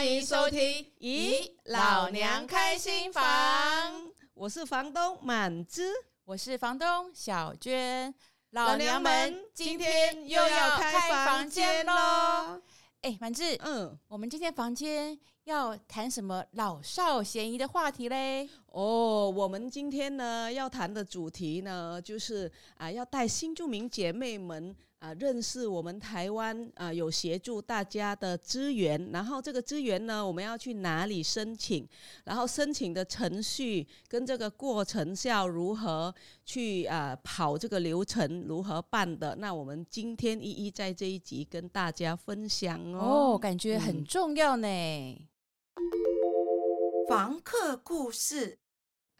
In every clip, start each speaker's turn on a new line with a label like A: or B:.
A: 歡迎收聽《咦老娘開
B: 新房》，
A: 我是房東滿枝，我是房東小娟，老娘們今天又要開房間嘍！哎，滿枝，嗯，我們今天房間要談什麼老少咸宜的話題嘞？哦，我們今天呢要談的主題呢，就是
B: 啊，要帶新住民姐妹們。啊，認識我們台灣啊、呃，有協助大家的資源，然後這個資源呢，我們要去哪裡申請？然後申請的程序跟這個過程是要如何去啊、呃、跑這個流程，如何辦的？那我們今天一一在這一集跟大家分享哦，哦，感覺很重要呢。嗯、房客故事，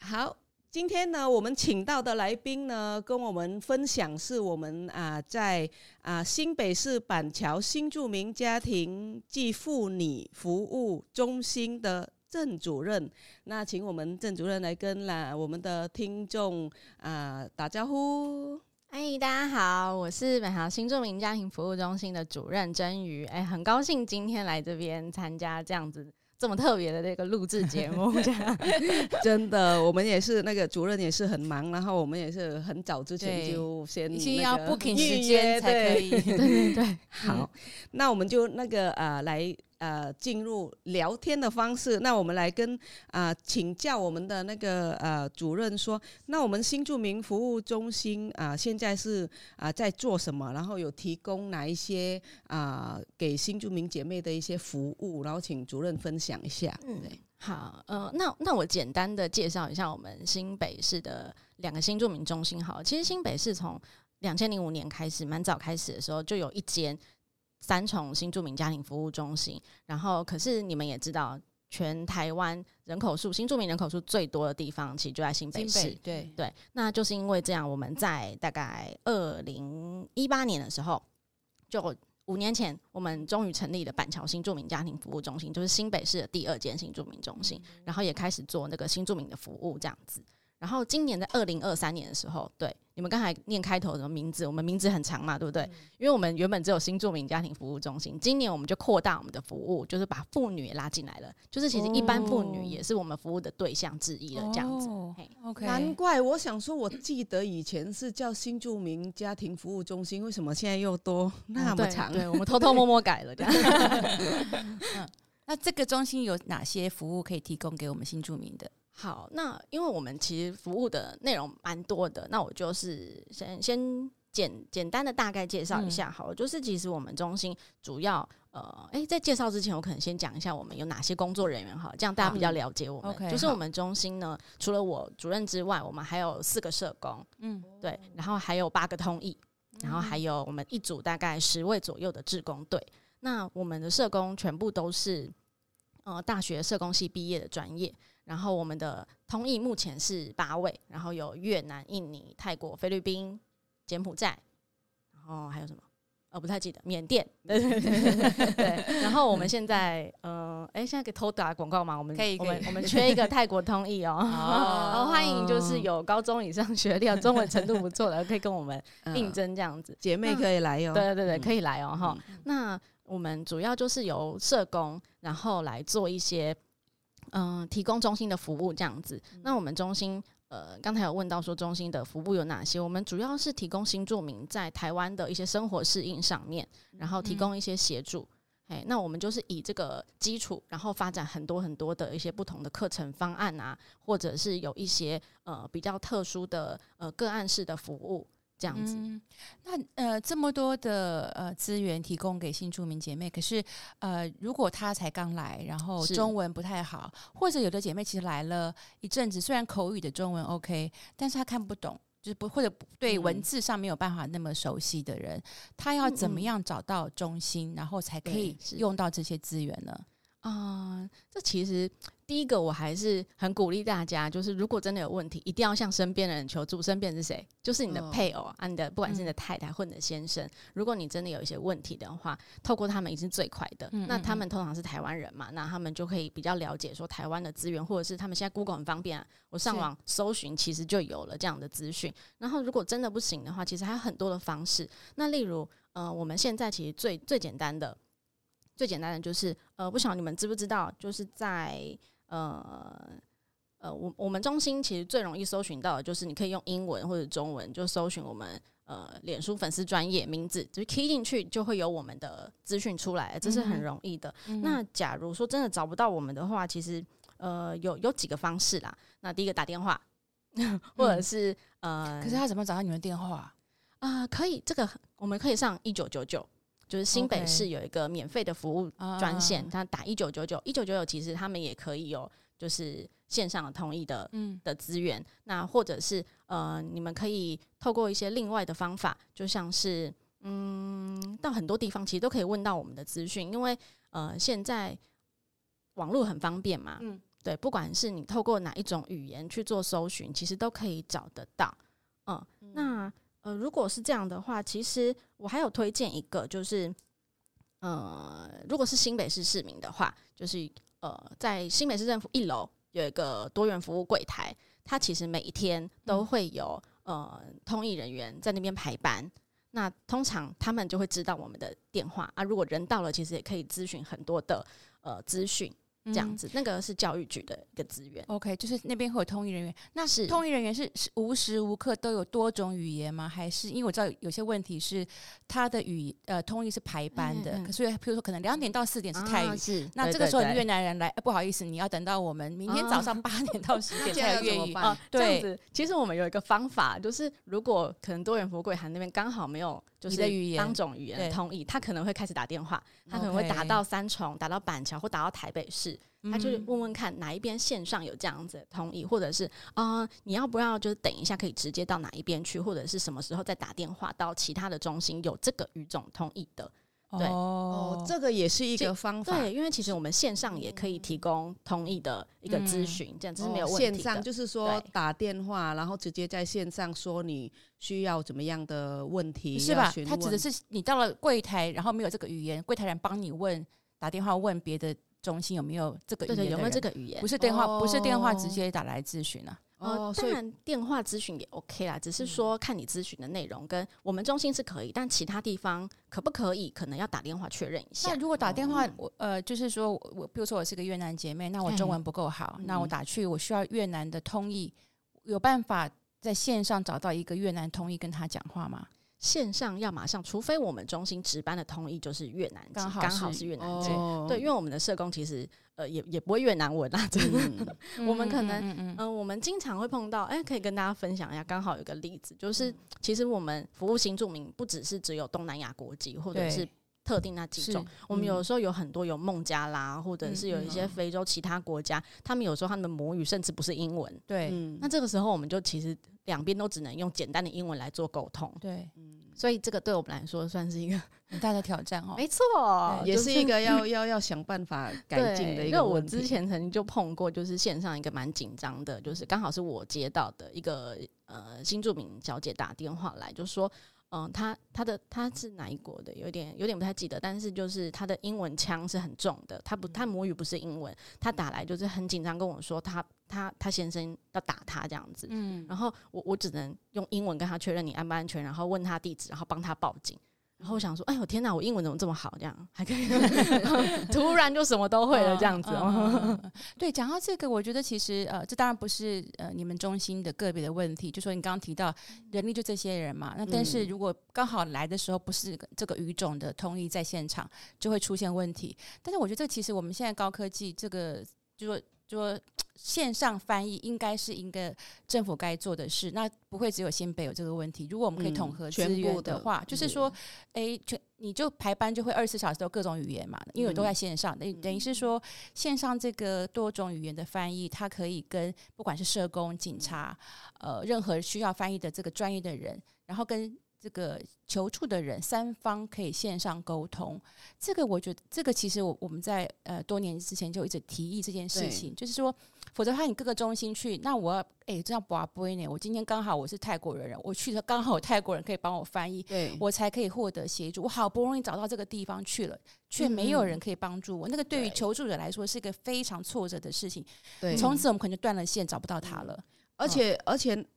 B: 好。今天呢，我們請到的來賓呢，跟我們分享是我們啊、呃，在啊、呃、新北市板橋新住民家庭暨婦女服務中心的鄭主任。那請我們鄭主任來跟啦我們的聽眾啊、呃、打招呼。
C: 哎、hey,，大家好，我是板橋新住民家庭服務中心的主任禎妤。哎，很高興今天來這邊參加這樣子。這麼特別的那個錄制節目， 這樣
B: 真的，我們也是那個主任也是很忙，然後我們也是很早之前就先一定、那個、要 booking 預約才可以。對 對對,對好，好、嗯，那我們就那個呃來。呃，進入聊天的方式，那我們來跟啊、呃、請教我們的那個呃主任說，那我們新住民服務中心啊、呃，現在是啊、呃、在做什麼？然後有提供哪一些啊、呃、給新住民姐妹的一些服務？然後請主任分享一下。嗯，好，呃，那那我
C: 簡單的介紹一下我們新北市的兩個新住民中心。好，其實新北市從兩千零五年開始，蠻早開始的時候就有一間。三重新住民家庭服務中心，然後，可是你們也知道，全台灣人口數，新住民人口數最多的地方，其實就在新北市。北，對，對。那就是因為這樣，我們在大概二零一八年的時候，就五年前，我們終於成立了板橋新住民家庭服務中心，就是新北市的第二間新住民中心，嗯、然後也開始做那個新住民的服務這樣子。然後今年在二零二三年的時候，對你們剛才念開頭的名字？我們名字很長嘛，對不對、嗯？因為我們原本只有新住民家庭服務中心，今年我們就擴大我們的服務，就是把婦女也拉進來了，就是其實一般婦女也是我們服務的對
B: 象之一了。哦、這樣子、哦，OK，難怪我想說，我記得以前是叫新住
A: 民家庭服務中心，為什麼現在又多那麼長呢、嗯？我們偷偷摸摸改了對，這樣對對對對對。嗯，那這個中心有哪些服務可以提供給我們新住民的？
C: 好，那因為我們其實服務的內容蠻多的，那我就是先先簡簡單的大概介紹一下好了，好、嗯，就是其實我們中心主要呃、誒，在介紹之前，我可能先講一下我們有哪些工作人員哈，這樣大家比較了解我們。嗯、okay，就是我們中心呢、嗯，除了我主任之外，我們還有四個社工，嗯，對，然後還有八個通譯，
A: 然後還有
C: 我們一組大概十位左右的志工隊。嗯、那我們的社工全部都是呃大學社工系畢業的專業，然後我們的通譯目前是八位，然後有越南、印尼、泰國、菲律賓、柬埔寨，然後還有什麼？呃、哦，不太記得。緬甸， 對對對對，然後我們現在，嗯、呃，哎，現在可以偷打廣告嗎？我們可以，我們我們缺一個泰國通譯哦， 哦，哦。歡迎就是有高中以上學歷、 中文程度不錯的，可以跟我們應徵這樣子。嗯、姐妹可以來喲、哦。對對對，可以來哦哈、嗯。那我們主要就是由社工，然後來做一些。嗯、呃，提供中心的服務這樣子。那我們中心呃，剛才有問到說，中心的服務有哪些？我們主要是提供新住民在台灣的一些生活適應上面，然後提供一些協助。哎、嗯，那我們就是以這個基礎，然後發展很多很多的一些不同的課程方案啊，或者是有一些呃比較特殊的呃個案式的服務。這樣子，嗯、
A: 那呃，這麼多的呃資源提供給新住民姐妹，可是呃，如果她才剛來，然後中文不太好，或者有的姐妹其實來了一陣子，雖然口語的中文 OK，但是她看不懂，就是不或者對文字上沒有辦法那麼熟悉的人，嗯、她要怎麼樣找到中心，嗯嗯，然後才可以用到這些資源呢？啊、哦，這其實第一個我還是很鼓
C: 勵大家，就是如果真的有問題，一定要向身邊的人求助。身邊是誰？就是你的配偶，and、啊哦啊、不管是你的太太或你的先生、嗯。如果你真的有一些問題的話，透過他們也是最快的、嗯。那他們通常是台灣人嘛、嗯，那他們就可以比較了解說台灣的資源，或者是他們現在 Google 很方便、啊，我上網搜尋其實就有了這樣的資訊。然後如果真的不行的話，其實還有很多的方式。那例如，呃，我們現在其實最最簡單的。最簡單的就是，呃，不曉得你們知不知道，就是在呃呃，我我們中心其實最容易搜尋到的就是，你可以用英文或者中文就搜尋我們呃，臉書粉絲專頁名字，就 key 進去就會有我們的資訊出來，這是很容易的、嗯。那假如說真的找不到我們的話，其實呃，有有幾個方式啦。那第一個打電話，
A: 或者是、
C: 嗯、呃，可是他怎
A: 麼找到你們電話啊？啊、
C: 呃，可以，這個我們可以上一九九九。就是新北市有一個免費的服務專線，他、okay uh, 打一九九九一九九九，其實他們也可以有就是線上的通譯的、嗯、的資源。那或者是呃，你們可以透過一些另外的方法，就像是嗯，到很多地方其實都可以問到我們的資訊，因為呃，現在網絡很方便嘛、嗯，對，不管是你透過哪一種語言去做搜尋，其實都可以找得到。嗯，嗯那。呃，如果是這樣的話，其實我還有推薦一個，就是呃，如果是新北市市民的話，就是呃，在新北市政府一樓有一個多元服務櫃台，它其實每一天都會有呃，通譯人員在那邊排班，那通常他們就會知道我們的電話啊，如果人到了，其實也可以諮詢很多的呃資訊。這樣子，那個是教育局的一個資源。
A: OK，就是那邊會有通譯人員。那是，是通譯人員是無時無刻都有多種語言嗎？還是因為我知道有些問題是他的語呃通譯是排班的，所、嗯、以、嗯、比如說可能兩點到四點是泰語、啊是，那這個時候對對對越南人來、呃、不好意思，你要等到我們明天早上八點
C: 到十點才有越南語、啊 怎麼辦啊、這樣子，其實我們有一個方法，就是如果可能多元佛貴含那邊剛好沒有。就是當種語言的通譯，他可能會開始打電話，他可能會打到三重，打到板橋，或打到台北市，okay、他就是問問看哪一邊線上有這樣子的通譯、嗯，或者是啊、呃，你要不要就是等一下可以直接到哪一邊去，嗯、或者是什麼時候再打電話到其他的中心有這個語種通譯的。
A: 對哦，哦，這個也是一個方法。對，因
B: 為其實我們線上也可以提供通譯的一個諮詢，嗯、這樣是沒有問題的。線上就是說打電話，然後直接在線上說你需要怎麼樣
A: 的問題，是吧？他指的是你到了櫃檯，然後沒有這個語言，櫃檯人幫你問，打電話問別的中心有沒有這個語言，對對，有沒有這個語言？不是電話，哦、不是電話，直接打來諮詢啊。哦、呃，當然
C: 電話諮詢也 OK 啦，只是說看你諮詢的內容
A: 跟我們中
C: 心是可以，但其他地方可不可以？可能要打電話確認一
A: 下。那如果打電話，我、嗯、呃，就是說我比如說我是個越南姐妹，那我中文不夠好，嗯，那我打去，我需要越南的通譯，嗯，有辦法在線上找到一個越南通譯跟他講話嗎？線上要馬上，除非我們中心值班的通譯就是越南，剛好，剛好是越南籍，哦，對，因為
C: 我們的社工其實。呃，也也不會越南文啦，啊，真的。嗯、 我們可能，嗯，嗯，嗯，嗯、呃，我們經常會碰到，誒、欸，可以跟大家分享一下。剛好有個例子，就是、嗯、其實我們服務新住民，不只是只有東南亞國籍，或者是特定那幾種。我們有時候有很多有孟加拉，或者是有一些非洲其他國家，嗯嗯嗯嗯，他們有時候他們的母語甚至不是英文。對，嗯、那這個時候我們就其實。兩邊都只能用簡單的英文來做溝通，對，嗯，所以這個對我們來說算是一個很
A: 大的挑戰哦。沒錯，就是，也是一個要
C: 要要想辦法改進的一個問題。因為我之前曾經就碰過，就是線上一個蠻緊張的，就是剛好是我接到的一個呃新住民小姐打電話來，就說。嗯，他他的他是哪一國的？有點有點不太記得，但是就是他的英文腔是很重的。他不，他母語不是英文，他打來就是很緊張跟我說他，他他他先生要打他這樣子。嗯，然後我我只能用英文跟他確認你安不安全，然後問他地址，然後幫他報警。然後我想說，哎呦天哪，我英文怎麼這麼好？這樣
A: 還可以， 突然就什麼都會了，嗯、這樣子、嗯嗯嗯嗯。對，講到這個，我覺得其實呃，這當然不是呃你們中心的個別的問題。就說你剛剛提到人力就這些人嘛，那但是如果剛好來的時候不是這個語種的通譯在現場，就會出現問題。但是我覺得這其實我們現在高科技這個，就說。說線上翻譯應該是一個政府該做的事，那不會只有新北有這個問題。如果我們可以統合全部的話，嗯的，就是說，誒，全你就排班就會二十四小時都有各種語言嘛，因為我都在線上，嗯、等等於是說線上這個多種語言的翻譯，它可以跟不管是社工、警察，呃，任何需要翻譯的這個專業的人，然後跟。這個求助的人三方可以線上溝通，這個我覺得這個其實我我們在呃多年之前就一直提議這件事情，就是說否則的話你各個中心去，那我哎這樣不啊不為呢？我今天剛好我是泰國人，我去了剛好有泰國人可以幫我翻譯，我才可以獲得協助。我好不容易找到這個地方去了，卻沒有人可以幫助我，嗯、那個對於求助者來說是一個非常挫折的事情。從此我們可能就斷了線，找不到他了。而且、嗯、而且。哦而且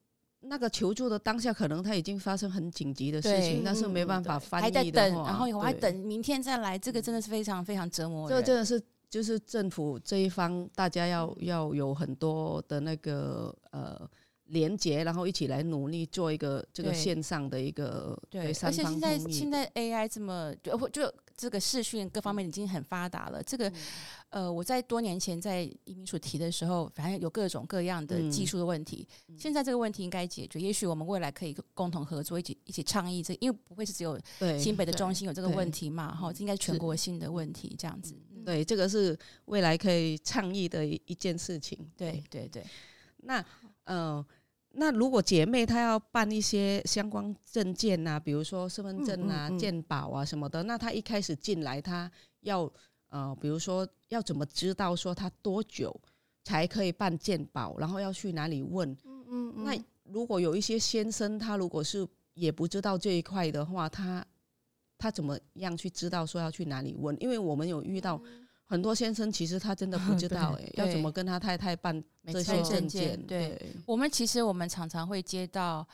A: 那個求助的當下，可能他已經發生很緊
B: 急的事情，但是沒辦法翻譯的、嗯、還在等，然後我還等
A: 明天再來，這個真的是非常非常折磨。這真的是
B: 就是政府這一方，大家要、嗯、要有很多的那個呃連結，然後一起來努力做一個這個線上的一個
A: 的對，對，而且現在現在 AI 這麼就就。這個視訊各方面已經很發達了。這個，呃，我在多年前在移民署提的時候，反正有各種各樣的技術的問題、嗯。現在這個問題應該解決，也許我們未來可以共同合作，一起一起倡議。這因為不會是只有對新北的中心有這個問題嘛？哈，哦、這應該是全國性的問題這樣子。對，這個是未來可以倡議的一，一件事情。對對對，
B: 對，那嗯。呃那如果姐妹她要辦一些相關證件啊，比如說身份證啊、健、嗯、保、嗯嗯、啊什麼的，那她一開始進來，她要呃，比如說要怎麼知道說她多久才可以辦健保，然後要去哪裡問？嗯嗯嗯、那如果有一些先生他如果是也不知道這一塊的話，他他怎麼樣去知道說要去哪裡問？因為我們有遇到、嗯。很多先生其實他
A: 真的不知道哎、欸嗯，要怎麼跟
B: 他太太辦
A: 這些證件。對，對，對，我們其實我們常常會接到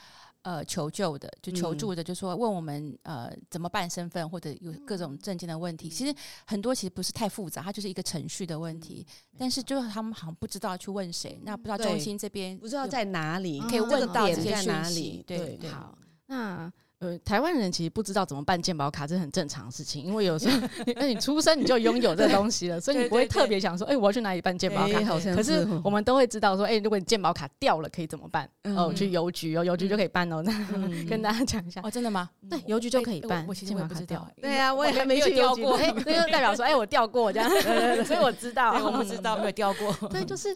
A: 呃求救的，就求助的，嗯、就說問我們呃怎麼辦身份或者有各種證件的問題、嗯。其實很多其實不是太複雜，它就是一個程序的問題，嗯、但是就是他們好像不知道去問誰，那不知道中心這邊不知道在哪裡可以問到、哦、在哪裡。這些訊息。對，好，那。
C: 呃，台灣人其實不知道怎麼辦健保卡，這是很正常的事情，因為有時候， 欸、你出生你就擁有這個東西了，所以你不會特別想說，哎、欸，我要去哪裡辦健保卡？可、欸、是、欸欸、我們都會知道說，哎、欸，如果你健保卡掉了，可以怎麼辦？欸、哦，嗯、去郵局哦，郵局就可以辦哦。那、嗯、跟大家講一下哦，真的嗎？對，郵局就可以辦。欸、我，我其實我也不知道，對啊，我也還沒有掉過，那、欸、就代表說，哎、欸，我
A: 掉過這樣 對對對，所以我知道，我不知道、嗯、沒有掉過。對，就是，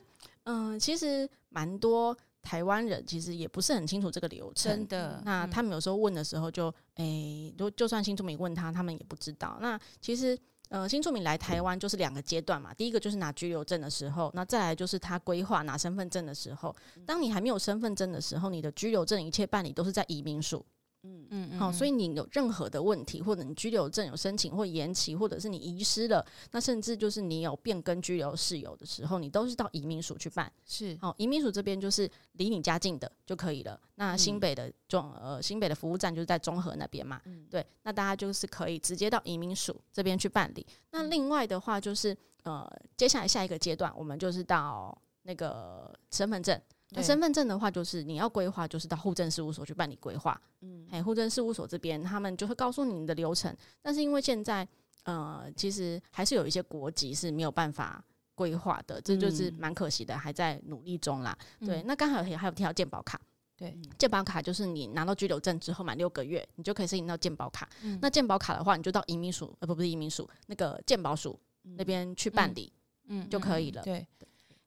A: 嗯、呃，其實
C: 蠻多。台灣人其實也不是很清楚這個流程，真的。那他們有時候問的時候就，就、嗯、誒、欸，就就算新住民問他，他們也不知道。那其實，呃，新住民來台灣就是兩個階段嘛。第一個就是拿居留證的時候，那再來就是他歸化拿身份證的時候。當你還沒有身份證的時候，你的居留證一切辦理都是在移民署。
B: 嗯嗯，好，所以
C: 你有任何的問題，或者你居留證有申請或延期，或者是你遺失了，那甚至就是你有變更居留事由的時候，你都是到移民署去辦。是，好，移民署這邊就是離你家近的就可以了。那新北的中、嗯、呃，新北的服務站就是在中和那邊嘛、嗯，對，那大家就是可以直接到移民署這邊去辦理。那另外的話就是呃，接下來下一個階段，我們就是到那個身份證。那身份證的話，就是你要歸化，就是到戶政事務所去辦理歸化。嗯，哎、欸，戶政事務所這邊他們就會告訴你的流程。但是因為現在，呃，其實還是有一些國籍是沒有辦法歸化的，嗯，這就是蠻可惜的，還在努力中啦。嗯、對，那剛好還有提到健保卡。對，健保卡就是你拿到居留證之後滿六個月，你就可以申請到健保卡，嗯。那健保卡的話，你就到移民署呃，不、不是移民署那個健保署那邊去辦理，嗯，
B: 就可以了。嗯嗯嗯、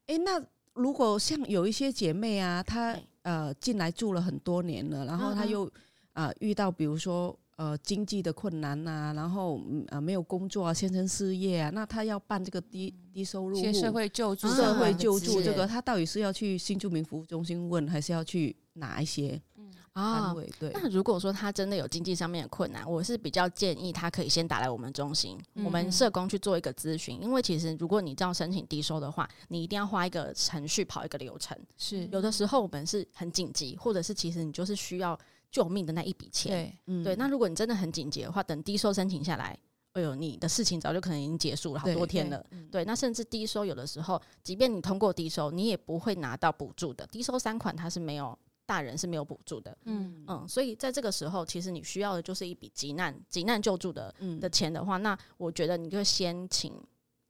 B: 對，誒、欸，那。如果像有一些姐妹啊，她呃進來住了很多年了，然後她又啊、嗯呃、遇到，比如說。呃，經濟的困難吶、啊，然後呃沒有工作啊，先生失業啊，那他要辦這個低低收入社會救助，社會救助、啊、社會救助這個是是他到底是要去新住民服務中心問，還是要去哪一些、嗯啊、單位？對。那如果說他真
C: 的有經濟上面的困難，我是比較建議他可以先打來我們中心，嗯、我們社工去做一個諮詢，因為其實如果你這樣申請低收的話，你一定要花一個程序跑一個流程。是。嗯、有的時候我們是很緊急，或者是其實你就是需要。救命的那一筆錢對，嗯、對，那如果你真的很緊急的話，等低收申請下來，哎呦，你的事情早就可能已經結束了，好多天了對。對，嗯、對，那甚至低收有的時候，即便你通過低收，你也不會拿到補助的。低、嗯、收三款它是沒有大人是沒有補助的。嗯嗯，所以在這個時候，其實你需要的就是一筆急難急難救助的的錢的話，嗯、那我覺得你就先請。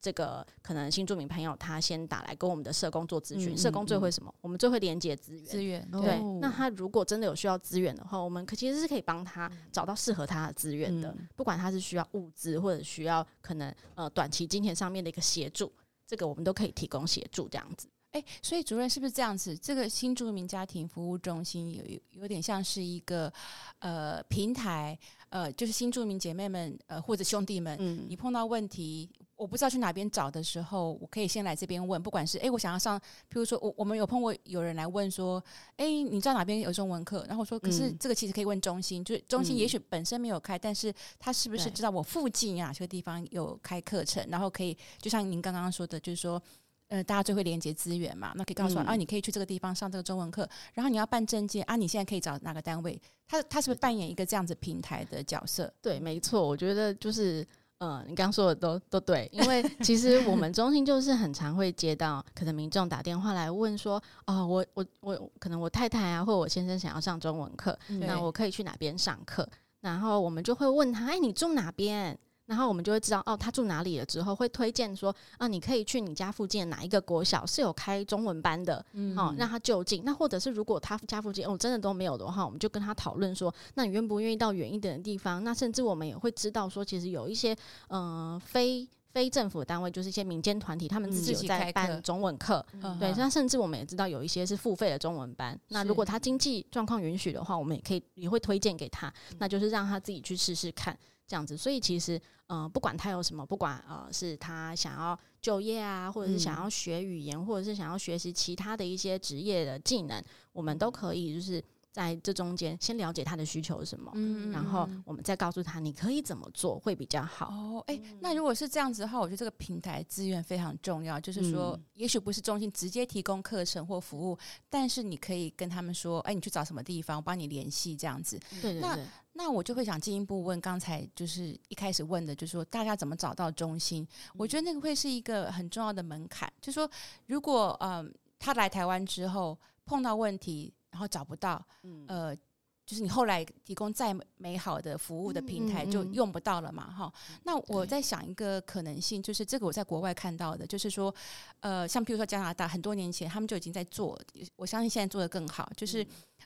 C: 這個可能新住民朋友，他先打來跟我們的社工做諮詢、嗯。社工最會什麼？嗯、我們最會連接資源。資源對、哦，那他如果真的有需要資源的話，我們其實是可以幫他找到適合他的資源的、嗯。不管他是需要物資，或者需要可能呃短期金錢上面的一個協助，這個我們都
A: 可以提供協助這樣子。
C: 誒、欸。所以主任是不是這樣子？
A: 這個新住民家庭服務中心有有點像是一個呃平台，呃，就是新住民姐妹們呃或者兄弟們，嗯，你碰到問題。我不知道去哪邊找的時候，我可以先來這邊問，不管是誒、欸，我想要上，比如說我我們有碰過有人來問說，誒、欸，你知道哪邊有中文課？然後我說，可是這個其實可以問中心，嗯、就是中心也許本身沒有開，嗯、但是他是不是知道我附近啊這個地方有開課程，然後可以就像您剛剛說的，就是說，呃，大家最會連接資源嘛，那可以告訴我、嗯、啊，你可以去這個地方上這個中文課，然後你要辦證件啊，你現在可以找哪個單位？他他是不是扮演一個這樣子平台的角色？
C: 對，沒錯，我覺得就是。嗯，你剛說的都都對，
A: 因為其實我們
C: 中心就是很常會接到可能民眾打電話來問說，哦，我我我可能我太太啊，或我先生想要上中文課、嗯，那我可以去哪邊上課？然後我們就會問他，哎、欸，你住哪邊？然後我們就會知道哦，他住哪裡了之後，會推薦說啊，你可以去你家附近的哪一個國小是有開中文班的，嗯、哦，讓他就近。那或者是如果他家附近哦真的都沒有的話，我們就跟他討論說，那你願不願意到遠一點的地方？那甚至我們也會知道說，其實有一些嗯、呃、非非政府的單位，就是一些民間團體，他們自己有在辦中文課、嗯，對。那甚至我們也知道有一些是付費的中文班、嗯。那如果他經濟狀況允許的話，我們也可以也會推薦給他，那就是讓他自己去試試看。這樣子，所以其實，嗯、呃,不管他有什麼，不管呃，是他想要就業啊，或者是想要學語言，嗯、或者是想要學習其他的一些職業的技能，我們都可以就是在這中間先了解他的需求什麼嗯嗯嗯，然後我們再告訴他你可以怎麼做
A: 會比較好。誒、哦欸嗯，那如果是這樣子的話，我覺得這個平台資源非常重要，就是說、嗯、也許不是中心直接提供課程或服務，但是你可以跟他們說，誒、欸，你去找什麼地方，我幫你聯繫，這樣子、嗯那。對對對。那我就會想進一步問，剛才就是一開始問的，就是說大家怎麼找到中心？我覺得那個會是一個很重要的門檻。就是說如果嗯、呃、他來台灣之後碰到問題，然後找不到，呃、嗯。就是你後來提供再美好的服務的平台就用不到了嘛，哈、嗯嗯嗯。那我在想一個可能性，就是這個我在國外看到的，就是說，呃，像譬如說加拿大，很多年前他們就已經在做，我相信現在做得更好。就是、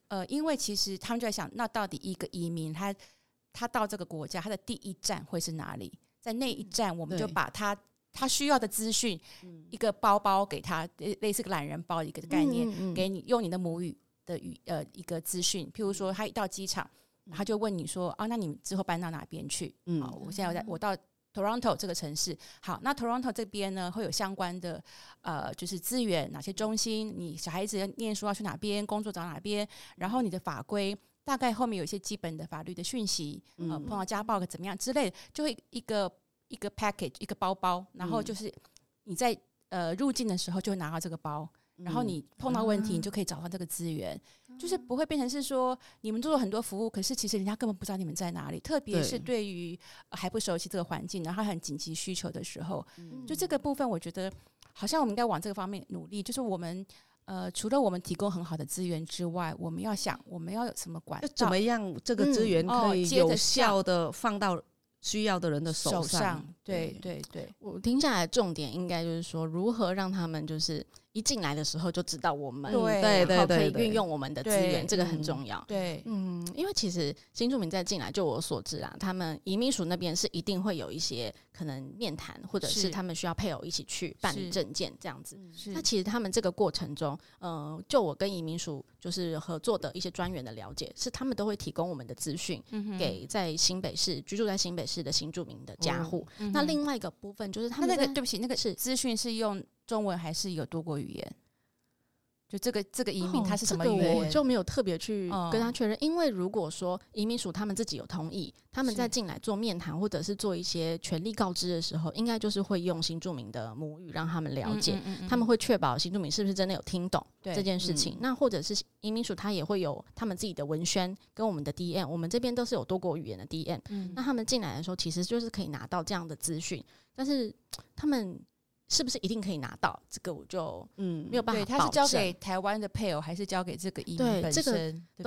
A: 嗯，呃，因為其實他們就在想，那到底一個移民他他到這個國家，他的第一站會是哪裡？在那一站，我們就把他、嗯、他需要的資訊、嗯、一個包包給他，類似個懶人包一個概念，嗯嗯，給你用你的母語。的語呃一個資訊，譬如說他一到機場，嗯、他就問你說啊，那你之後搬到哪邊去？嗯，好，我現在我在我到 Toronto 這個城市，好，那 Toronto 這邊呢會有相關的呃就是資源，哪些中心，你小孩子念書要去哪邊，工作找哪邊，然後你的法規大概後面有一些基本的法律的訊息，嗯，呃、碰到家暴怎麼樣之類的，就會一個一個 package 一個包包，然後就是你在呃入境的時候就會拿到這個包。然後你碰到問題、嗯，你就可以找到這個資源、嗯，就是不會變成是說你們做了很多服務，可是其實人家根本不知道你們在哪裡。特別是對於還不熟悉這個環境，然後很緊急需求的時候，嗯、就這個部分，我覺得好像我們應該往這個方面努力。就是我們呃，除了我們提供很好的資源之外，我們要想我們要有什麼管，怎麼樣這個資源可以有
B: 效的放到需要的人的手上？嗯哦、手上對，對，對，對，我聽
C: 下來的重點應該就是說如何讓他們就是。一進來的時候就知道我們，我們，對對對，可以運用我們的資源，這個很重要。對，嗯，因為其實新住民在進來，就我所知啊，他們移民署那邊是一定會有一些可能面談，或者是他們需要配偶一起去辦理證件這樣子。那其實他們這個過程中，嗯、呃，就我跟移民署就是合作的一些專員的了解，是他們都會提供我們的資訊給在新北市居住在新北市的新住民的家戶、嗯嗯。那另外一個部分就是，他們那，那個
A: 對不起，那個是資訊是用。中文還是一個多國語言？就這
C: 個這個移民，他是什麼語言？哦，這個，我就沒有特別去跟他確認，因為如果說移民署他們自己有同意，他們在進來做面談或者是做一些權利告知的時候，應該就是會用新住民的母語讓他們了解，嗯嗯嗯嗯，他們會確保新住民是不是真的有聽懂這件事情、嗯。那或者是移民署他也會有他們自己的文宣跟我們的 DM，我們這邊都是有多國語言的 DM、嗯。那他們進來的時候，其實就是可以拿到這樣的資訊，但是他們。是不是一定可以拿到？這個我就嗯沒有辦法。對，他是交給台灣的配偶，還是交給這個醫院？這個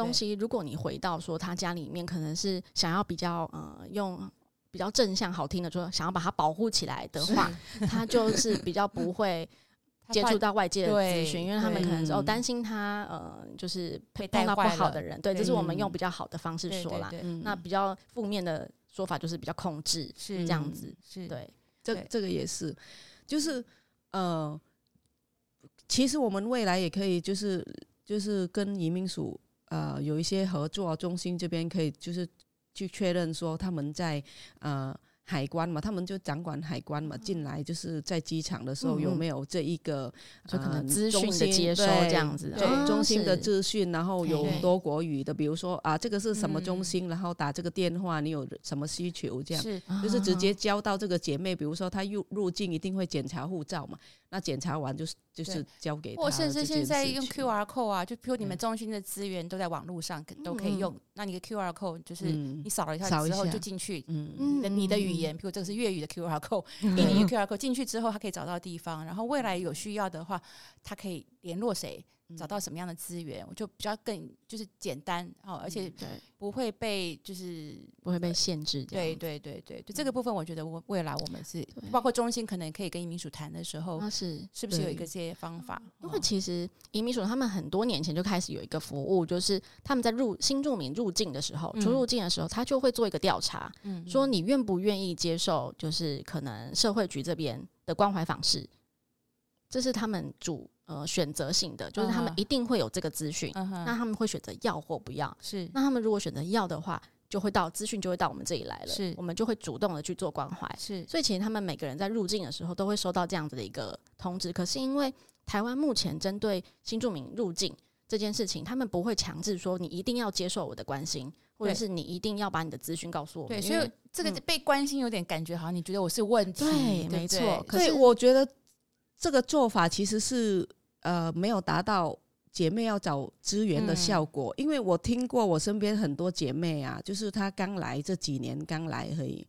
C: 東西，如果你回到說他家裡面，可能是想要比較嗯、呃，用比較正向好聽的說，想要把它保護起來的話，他就是比較不會
A: 接觸到外界的資訊、嗯，因為他們可能只有擔
C: 心他呃，就是碰到不好的人對。對，這是我們用比較好的方式說啦、嗯嗯。那比
B: 較負面的說法就是比較控制，是，是這樣子。是，是對，對，對，這這個也是。就是，呃，其實我們未來也可以，就是就是跟移民署，呃，有一些合作，中心這邊可以就是去確認說他們在，呃。海關嘛，他們就掌管海關嘛，進、嗯、來就是在機場的時候有沒有這一個呃資訊的接收這樣子、啊對，對中心的資訊，然後有多國語的，對對對比如說啊這個是什麼中心、嗯，然後打這個電話，你有什麼需求這樣，是、啊、就是直接交到這個姐妹，比如說她入入境一定會檢查護照嘛，那檢查完就是就是交給，哦甚至現在用
A: QR code 啊，就譬如你們中心的資源都在網絡上、嗯、都可以用，那你的 QR code 就是你掃了一下掃一下就進去，嗯，嗯你的語。語言，比如這個是越南的 QR code，印尼的 QR code，進去之後他可以找到地方，然後未來有需要的話，他可以聯絡誰？找到什麼樣的資源，我就比較更就是簡單哦，而且不會被就是
C: 不會被限制。對對
A: 對對，就這個部分，我覺得我未來我們是、嗯、包括中心，可能可以跟移民署談的時候，啊、是是不是有一個這些方法？
C: 因為其實移民署他們很多年前就開始有一個服務，就是他們在入新住民入境的時候、嗯，出入境的時候，他就會做一個調查、嗯，說你願不願意接受，就是可能社會局這邊的關懷訪視，這是他們主。呃，選擇性的就是他們一定會有這個資訊，uh -huh. Uh -huh. 那他們會選擇要或不要。是，那他們如果選擇要的話，就會到資訊就會到我們這裡來了，是我們就會主動的去做關懷。Uh -huh. 是，所以其實他們每個人在入境的時候都會收到這樣子的一個通知。可是因為台灣目前針對新住民入境這件事情，他們不會強制說你一定要接受我的關心，或者是你一定要把你
B: 的資訊告訴
C: 我
A: 們，對，所以這個被關心有點感覺，好像你覺得我是問題，嗯、對，沒錯。所以
B: 我覺得這個做法其實是。呃，沒有達到姐妹要找資源的效果。嗯，因為我聽過我身邊很多姐妹啊，就是她剛來這幾年剛來而已，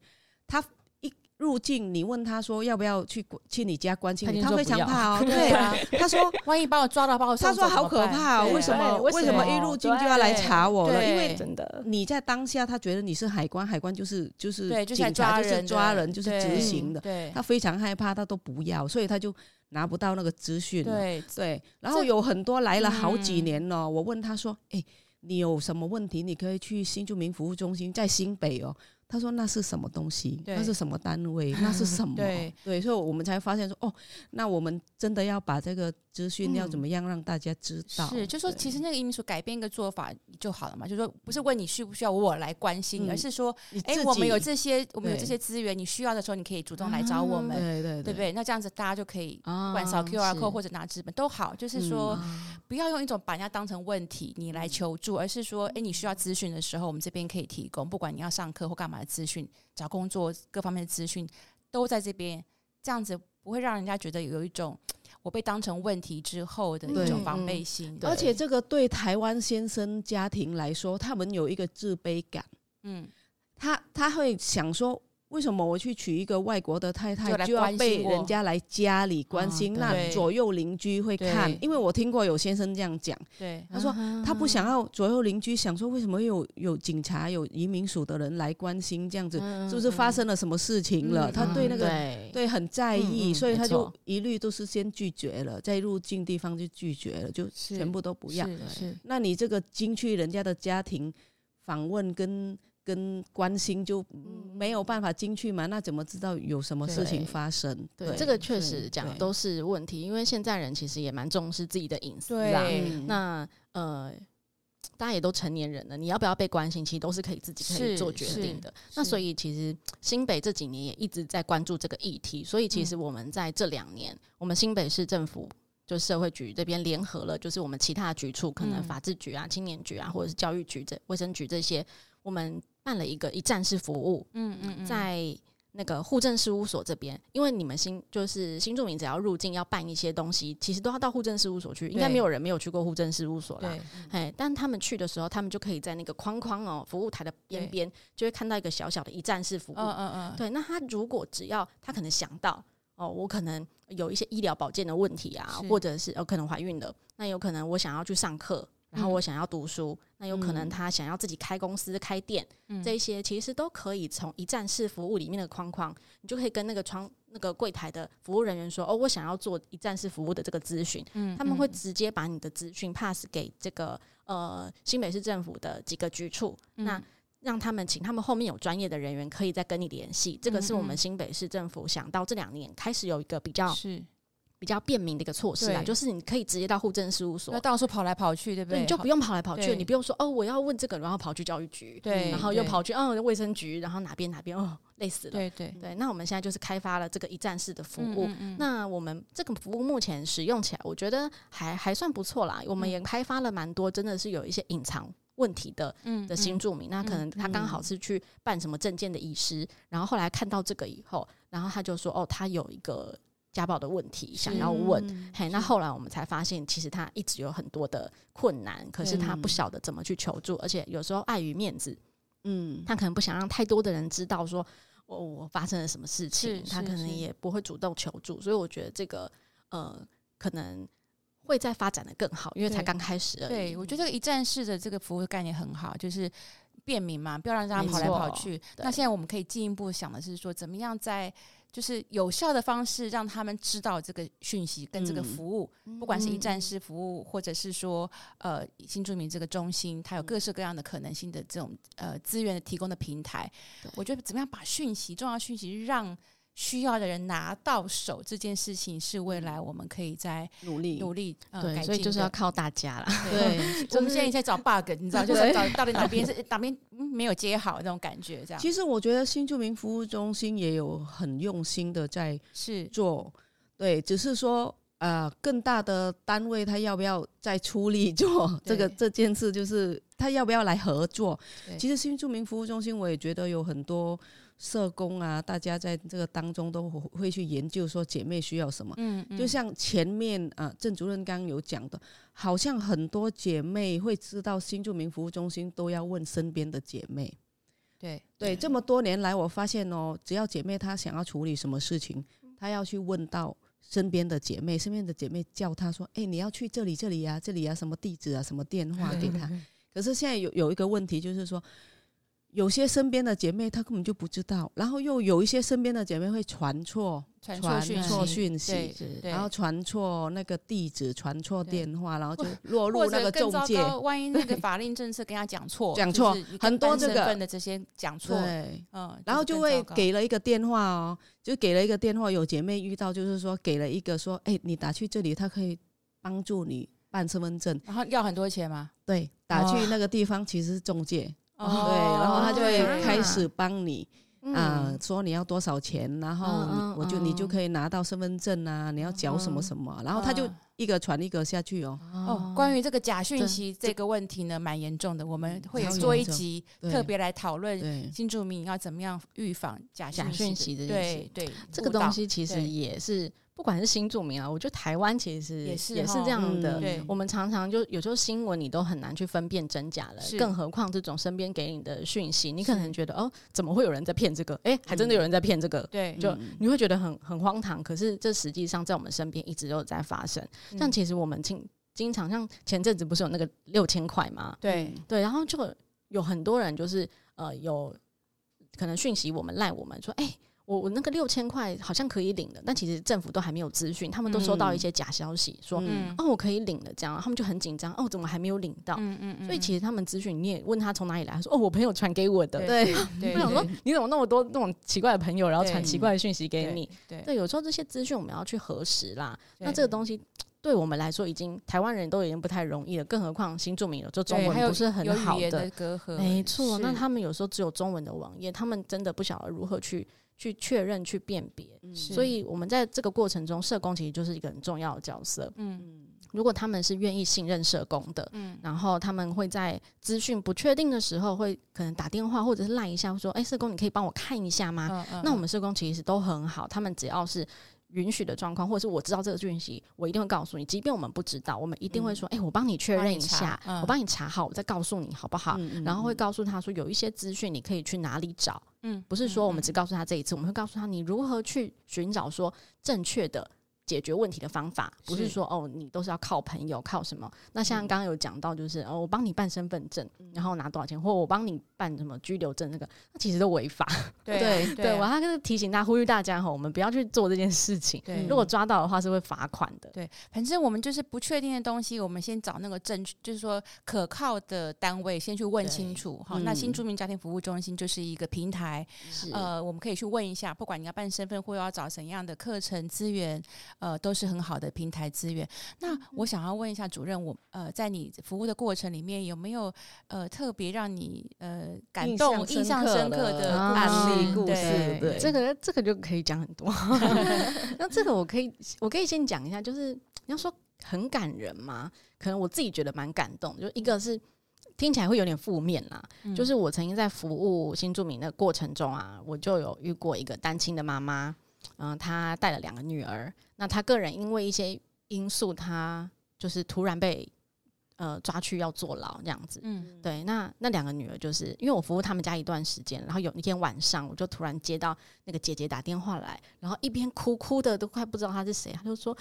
B: 她一入境，你問她說要不要去去你家關心你，她非常怕哦，對啊，對啊，她說， 她說，萬一把我抓到把我，她說好可怕。哦啊，為什麼？啊、為什麼一入境就要來查我了？因為真的，你在當下，她覺得你是海關，海關就是就是警察對就，就是抓人，抓人就是執行的，對，對她非常害怕，她都不要，所以她就。拿不到那個資訊，對，對對，然後有很多來了好幾年了、嗯，我問他說：“哎，你有什麼問題？你可以去新住民服務中心，在新北哦。”他說：“那是什麼東西？那是什麼單位？呵呵那是什麼對？”對，所以我們才發現說：“哦，那我們真的要把這個。”資訊要怎麼樣讓大家知道？嗯、是，就是、
A: 說其實那個移民署改變一個做法就好了嘛。就是說不是問你需不需要我來關心，嗯、而是說，哎，我們有這些，我們有這些資源，你需要的時候你可以主動來找我們，嗯、對對對，對不對？那這樣子大家就可以不管掃 QR code、嗯、或者拿資本都好，就是說、嗯、不要用一種把人家當成問題你來求助，而是說，哎，你需要資訊的時候，我們這邊可以提供，不管你要上課或幹嘛的資訊，找工作各方面的資訊都在這邊，這樣子不會讓人家覺得有一種。我被當成問題之後的一種防備心。嗯，而且
B: 這個對台灣先生家庭來說，他們有一個自卑感。嗯，他他會想說。為什麼我去娶一個外國的太太就要被人家來家裡關心？關心啊、那左右鄰居會看，因為我聽過有先生這樣講，
A: 對，他說他不
B: 想要左右鄰居想說為什麼有有警察有移民署的人來關心這樣子，嗯，是不是發生了什麼事情了？嗯，他對那個、嗯、對，對很在意，嗯嗯，所以他就一律都是先拒絕了，在、嗯嗯嗯、入境地方就拒絕了，就全部都不要。那你這個進去人家的家庭訪問跟。跟關心就沒有辦法進去嘛、嗯？那怎麼知道有什麼事情發生？對，對對這個
C: 確實講的都是問題，因為現在人其實也蠻重視自己的隱私啦。那呃，大家也都成年人了，你要不要被關心，其實都是可以自己可以做決定的。那所以其實新北這幾年也一直在關注這個議題，所以其實我們在這兩年、嗯，我們新北市政府就社會局這邊聯合了，就是我們其他局處、嗯，可能法制局啊、青年局啊，或者是教育局這、這衛生局這些，我們。辦了一個一站式服務，嗯嗯，嗯在那個戶政事務所這邊，因為你們新就是新住民，只要入境要辦一些東西，其實都要到戶政事務所去，應該沒有人沒有去過戶政事務所啦。對，哎，但他們去的時候，他們就可以在那個框框哦，服務台的邊邊，就會看到一個小小的一站式服務。哦、嗯嗯對，那他如果只要他可能想到哦，我可能有一些醫療保健的問題啊，或者是有、呃、可能懷孕了，那有可能我想要去上課。然後我想要讀書、嗯，那有可能他想要自己開公司、嗯、開店，這一些其實都可以從一站式服務裡面的框框，你就可以跟那個窗、那個櫃檯的服務人員說：“哦，我想要做一站式服務的這個諮詢。嗯”他們會直接把你的諮詢 pass 給這個、嗯、呃新北市政府的幾個局處、嗯，那讓他們請他們後面有專業的人員可以再跟你聯繫。嗯、這個是我們新北市政府想到這兩年開始有一個比較比較便民的一個措施啦，就是你可以直接到戶政事務所，那到處跑來跑去，對不對，對？你就不用跑來跑去，你不用說哦，我要問這個，然後跑去教育局，對，然後又跑去哦衛生局，然後哪邊哪邊哦，累死了。對對對，對。那我們現在就是開發了這個一站式的服務嗯嗯嗯。那我們這個服務目前使用起來，我覺得還還算不錯啦。我們也開發了蠻多，真的是有一些隱藏問題的，嗯，的新住民。嗯嗯，那可能他剛好是去辦什麼證件的遺失、嗯嗯，然後後來看到這個以後，然後他就說哦，他有一個。家暴的問題，想要問、嗯，嘿，那後來我們才發現，其實他一直有很多的困難，是可是他不曉得怎麼去求助，嗯、而且有時候礙於面子，嗯，他可能不想讓太多的人知道說，說我我發生了什麼事情，他可能也不會主動求助，所以我覺得這個呃可能會再發展的
A: 更好，因為才剛開始而已。對，對我覺得這個一站式的這個服務概念很好，就是便民嘛，不要讓大家跑來跑去。那現在我們可以進一步想的是說，怎麼樣在。就是有效的方式，讓他們知道這個訊息跟這個服務、嗯，不管是一站式服務，嗯、或者是說，呃，新住民這個中心，它有各式各樣的可能性的這種呃資源的提供的平台。我覺得怎麼樣把訊息，重要訊息，讓需要的人拿到手，這件事情是未來我們可以再努力努力呃改進。所以就是要靠大家了。對， 我們現在也在找 bug，你知道，就是找到底哪邊是 哪邊。沒有接好那種感覺，這樣。其實我
B: 覺得新住民服務中心也有很用心的在做是做，對，只是說呃，更大的單位他要不要再出力做這個這件事，就是他要不要來合作。其實新住民服務中心我也覺得有很多。社工啊，大家在這個當中都會去研究，說姐妹需要什麼。嗯嗯，就像前面啊，鄭主任剛剛有講的，好像很多姐妹會知道新住民服務中心，都要問身邊的姐妹。對對，這麼多年來，我發現哦，只要姐妹她想要處理什麼事情，她要去問到身邊的姐妹，身邊的姐妹叫她說：“哎，你要去這裡這裡啊，這裡啊，什麼地址啊，什麼電話給她。嗯嗯嗯”可是現在有有一個問題就是說。有些身邊的姐妹她根本就不知道，然後又有一些身邊的姐妹會傳錯、傳錯訊息，訊息然後傳錯那個地址、傳錯電話，然後就落入那個中介。
A: 萬一那個法令政策跟他講錯，講錯很多身份的這些講錯，講錯就是講錯這個、對嗯、就是，然後就會給
B: 了一個電話哦，就給了一個電話，有姐妹遇到就是說給了一個說，哎，你打去這裡，他可以幫助你辦身份證，然後要很多錢嗎？對，打去那個地方其實是中介。哦哦、對，然後他就會開始幫你啊、呃，說你要多少錢，嗯、然後你、嗯、我就、嗯、你就可以拿到身份證啊，嗯、你要繳什麼什麼、嗯，然後他就一個傳一個下去哦。哦，哦，
A: 關於這個假訊息這個問題呢，蠻嚴重的，我們會追做一集特別來討論新住民要怎麼樣預防假訊假訊息的。對對，這個東西其實也是。
C: 不管是新住民啊，我覺得台灣其實也是，也是這樣的。嗯、對，我們常常就有時候新聞你都很難去分辨真假了，更何況這種身邊給你的訊息，你可能覺得哦，怎麼會有人在騙這個？哎、欸，還真的有人在騙這個。對、嗯，就你會覺得很很荒唐。可是這實際上在我們身邊一直都有在發生、嗯。像其實我們經經常像前陣子不是有那個六千塊嗎？對、嗯、對，然後就有很多人就是呃，有可能訊息我們賴我們說，哎、欸。我我那個六千塊好像可以領的，但其實政府都還沒有資訊，他們都收到一些假消息，嗯、說、嗯、哦我可以領了這樣，他們就很緊張哦怎麼還沒有領到？嗯嗯嗯、所以其實他們資訊你也問他從哪裡來，他說哦我朋友傳給我的。對對。我想說你怎麼那麼多那種奇怪的朋友，然後傳奇怪的訊息給你對對對。對。有時候這些資訊我們要去核實啦。那這個東西對我們來說已經台灣人都已經不太容易了，更何況新住民了，就中文不是很好的沒錯、欸。那他們有時候只有中文的網頁，他們真的不曉得如何去。去確認、去辨別、嗯，所以我們在這個過程中，社工其實就是一個很重要的角色。嗯，如果他們是願意信任社工的，嗯，然後他們會在資訊不確定的時候，會可能打電話或者是賴一下，說：“哎、欸，社工，你可以幫我看一下嗎、嗯嗯？”那我們社工其實都很好，他們只要是。允許的狀況，或者是我知道這個訊息，我一定會告訴你。即便我們不知道，我們一定會說：“哎、嗯欸，我幫你確認一下，嗯、我幫你查好，我再告訴你，好不好、嗯嗯？”然後會告訴他說：“有一些資訊你可以去哪裡找。”嗯，不是說我們只告訴他這一次，嗯、我們會告訴他你如何去尋找說正確的。解決問題的方法不是說哦，你都是要靠朋友靠什麼？那像剛剛有講到，就是哦，我幫你辦身份證，然後拿多少錢，或我幫你辦什麼居留證，那個那其實都違法，對、啊， 對、對、啊、對。我還是提醒大家，呼籲大家哈，我們不要去做這件事情。對，如果抓到的話是會罰款的。
A: 對，反正我們就是不確定的東西，我們先找那個證據，就是說可靠的單位先去問清楚哈、嗯。那新住民家庭服務中心就是一個平台，呃，我們可以去問一下，不管你要辦身份或要找什麼樣的課程資源。呃，都是很好的平台資源。那我想要問一下主任，我呃，在你服務的過程裡面有沒有呃特別讓你呃感動、印象深刻的，印象深刻的、哦、案例故事？
C: 對對對，這個這個就可以講很多。 那這個我可以我可以先講一下，就是你要說很感人嗎？可能我自己覺得蠻感動。就一個是聽起來會有點負面啦、嗯，就是我曾經在服務新住民的過程中啊，我就有遇過一個單親的媽媽。嗯、呃，他帶了兩個女兒。那他個人因為一些因素，他就是突然被呃抓去要坐牢這樣子。嗯，對。那那兩個女兒就是因為我服務他們家一段時間，然後有一天晚上，我就突然接到那個姐姐打電話來，然後一邊哭哭的都快不知道她是誰。她就說：“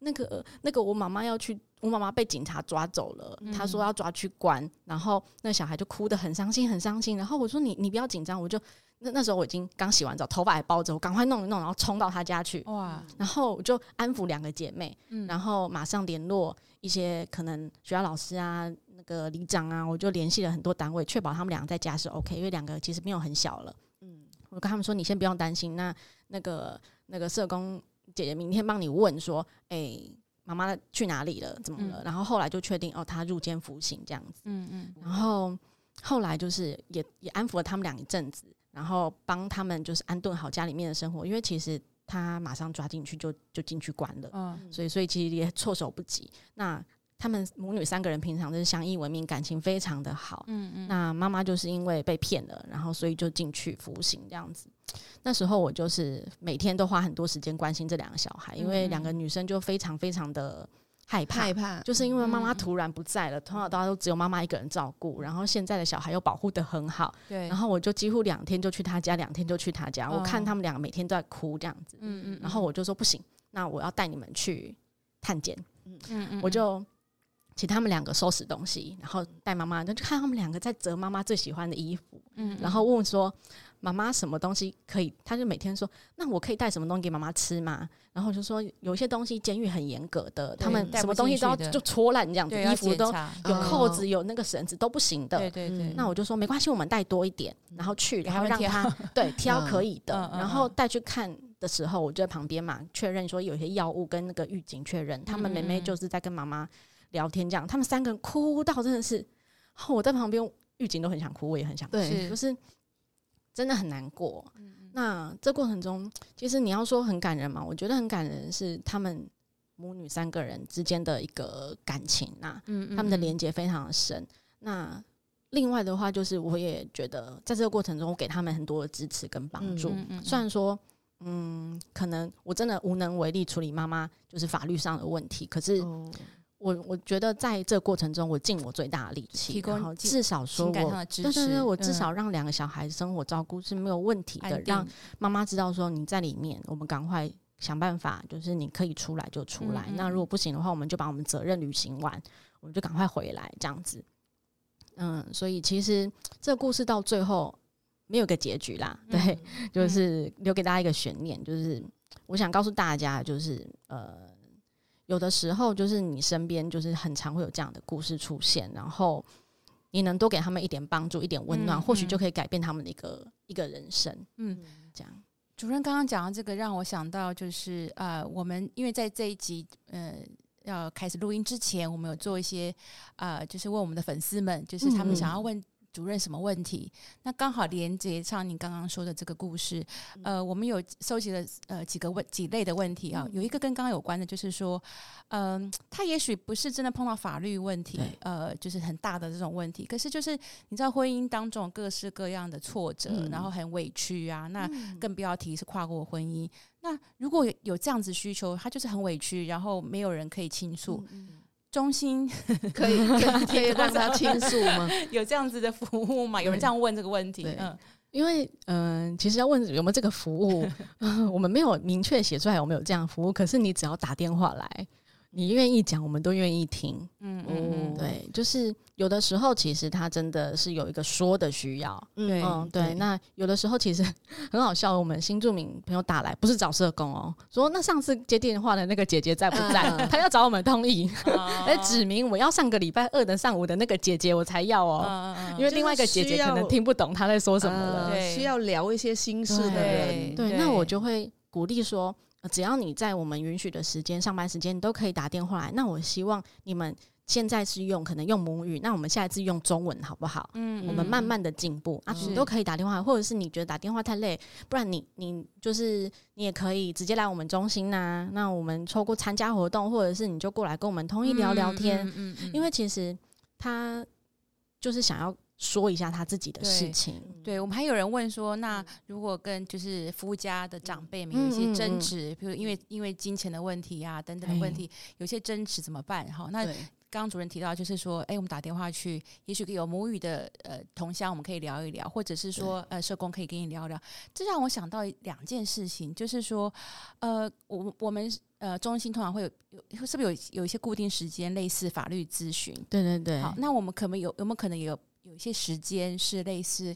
C: 那個那個我媽媽要去，我媽媽被警察抓走了。嗯”她說要抓去關。然後那小孩就哭得很傷心，很傷心。然後我說你：“你你不要緊張。”我就。那那時候我已經剛洗完澡，頭髮還包着，我趕快弄一弄，然後衝到他家去。哇！然後我就安撫兩個姐妹、嗯，然後馬上聯絡一些可能學校老師啊、那個里長啊，我就聯繫了很多單位，確保他們兩個在家是 OK，因為兩個其實沒有很小了。嗯，我跟他們說：“你先不用擔心，那那個那個社工姐姐明天幫你問說，哎、欸，媽媽去哪裡了？怎麼了？”嗯、然後後來就確定哦，他入監服刑這樣子。嗯嗯。然後後來就是也也安撫了他們倆一陣子。然後幫他們就是安頓好家裡面的生活，因為其實他馬上抓進去就就進去關了，哦、嗯，所以所以其實也措手不及。那他們母女三個人平常都是相依為命，感情非常的好，嗯嗯。那媽媽就是因為被騙了，然後所以就進去服刑這樣子。那時候我就是每天都花很多時間關心這兩個小孩，因為兩個女生就非常非常的。害怕,害怕，就是因為媽媽突然不在了，從小到大都只有媽媽一個人照顧，然後現在的小孩又保護得很好，對，然後我就幾乎兩天就去他家，兩天就去他家，嗯、我看他們兩個每天都在哭這樣子，嗯,嗯嗯，然後我就說不行，那我要帶你們去探監，嗯,嗯嗯，我就請他們兩個收拾東西，然後帶媽媽，就看他們兩個在折媽媽最喜歡的衣服，嗯,嗯，然後問說。媽媽什麼東西可以？她就每天說：“那我可以帶什麼東西給媽媽吃嗎？”然後就說：“有些東西監獄很嚴格的，他們什麼東西都要就戳爛，這樣子，衣服都有扣子，有那個繩子都不行的。”對對對，嗯。那我就說：“沒關係，我們帶多一點，然後去，然後讓他挑，對，挑可以的， 嗯嗯嗯，然後帶去看的時候，我就在旁邊嘛，確認說有些藥物跟那個獄警確認，他們妹妹就是在跟媽媽聊天這樣，嗯、他們三個人哭到真的是，哦、我在旁邊，獄警都很想哭，我也很想哭，就是。”真的很難過。嗯嗯，那這過程中，其實你要說很感人嘛？我覺得很感人是他們母女三個人之間的一個感情啊，嗯嗯嗯，他們的連接非常的深。那另外的話，就是我也覺得在這個過程中，我給他們很多的支持跟幫助嗯嗯嗯嗯。雖然說，嗯，可能我真的無能為力處理媽媽就是法律上的問題，可是。哦我我覺得，在這個過程中，我盡我最大的力氣，然後至少說我，我但是，我至少讓兩個小孩生活照顧是沒有問題的。嗯、讓媽媽知道說，你在裡面，我們趕快想辦法，就是你可以出來就出來，嗯嗯。那如果不行的話，我們就把我們責任履行完，我們就趕快回來，這樣子。嗯，所以其實這個故事到最後沒有個結局啦，對、嗯，就是留給大家一個懸念，就是我想告訴大家，就是呃。有的時候，就是你身邊就是很常會有這樣的故事出現，然後你能多給他們一點幫助、一點溫暖，嗯嗯、或許就可以改變他們的一個一
A: 個人生。嗯，這樣。主任剛剛講到這個，讓我想到就是呃我們因為在這一集呃要開始錄音之前，我們有做一些呃就是問我們的粉絲們，就是他們想要問嗯嗯。主任，什麼問題？那剛好連接上你剛剛說的這個故事。嗯、呃，我們有收集了呃幾個問幾類的問題啊。嗯、有一個跟剛剛有關的，就是說，嗯、呃，他也許不是真的碰到法律問題，呃，就是很大的這種問題。可是就是你知道婚姻當中各式各樣的挫折，嗯、然後很委屈啊。那更不要提是跨國婚姻、嗯。那如果有這樣子需求，他就是很委屈，然後沒有人可以傾訴。嗯嗯嗯中心可以 可以大 他傾訴嗎？ 有這樣子的服務嗎？有人這樣問這個問題。嗯，因為嗯、
C: 呃，其實要問有沒有這個服務， 呃、我們沒有明確寫出來有沒有這樣服務。可是你只要打電話來。你願意講，我們都願意聽。嗯嗯，對，就是有的時候，其實他真的是有一個說的需要。嗯，對。嗯、對對，那有的時候，其實很好笑。我們新住民朋友打來，不是找社工哦，說，那上次接電話的那個姐姐在不在？嗯、他要找我們通譯，哎、嗯， 來指明我要上個禮拜二的上午的那個姐姐，我才要哦、嗯嗯。因為另外一個姐姐可能聽不懂他在說什麼了、嗯。對，需
B: 要聊一些心事的人對對對。對，那我
C: 就會鼓勵說。只要你在我們允許的時間，上班時間你都可以打電話來。那我希望你們現在是用可能用母語，那我們下一次用中文好不好？嗯，嗯，我們慢慢的進步、嗯、啊，你都可以打電話，或者是你覺得打電話太累，不然你你就是你也可以直接來我們中心吶、啊。那我們透過參加活動，或者是你就過來跟我們通譯聊聊天。嗯，嗯，嗯嗯嗯嗯、因為其實他就是想要。說一下他自己的事情
A: 對。對，我們還有人問說，那如果跟就是夫家的長輩們有一些爭執，比、嗯、如因為、嗯、因為金錢的問題呀、啊、等等的問題，欸、有些爭執怎麼辦？哈，那剛剛主任提到，就是說，哎、欸，我們打電話去，也許有母語的呃同鄉，我們可以聊一聊，或者是說呃社工可以跟你聊一聊。這讓我想到兩件事情，就是說，呃，我我們呃中心通常會有有，是不是有有一些固定時間類似法律諮詢？對對對。好，那我們可能有有沒有可能也有？有一些時間是類似，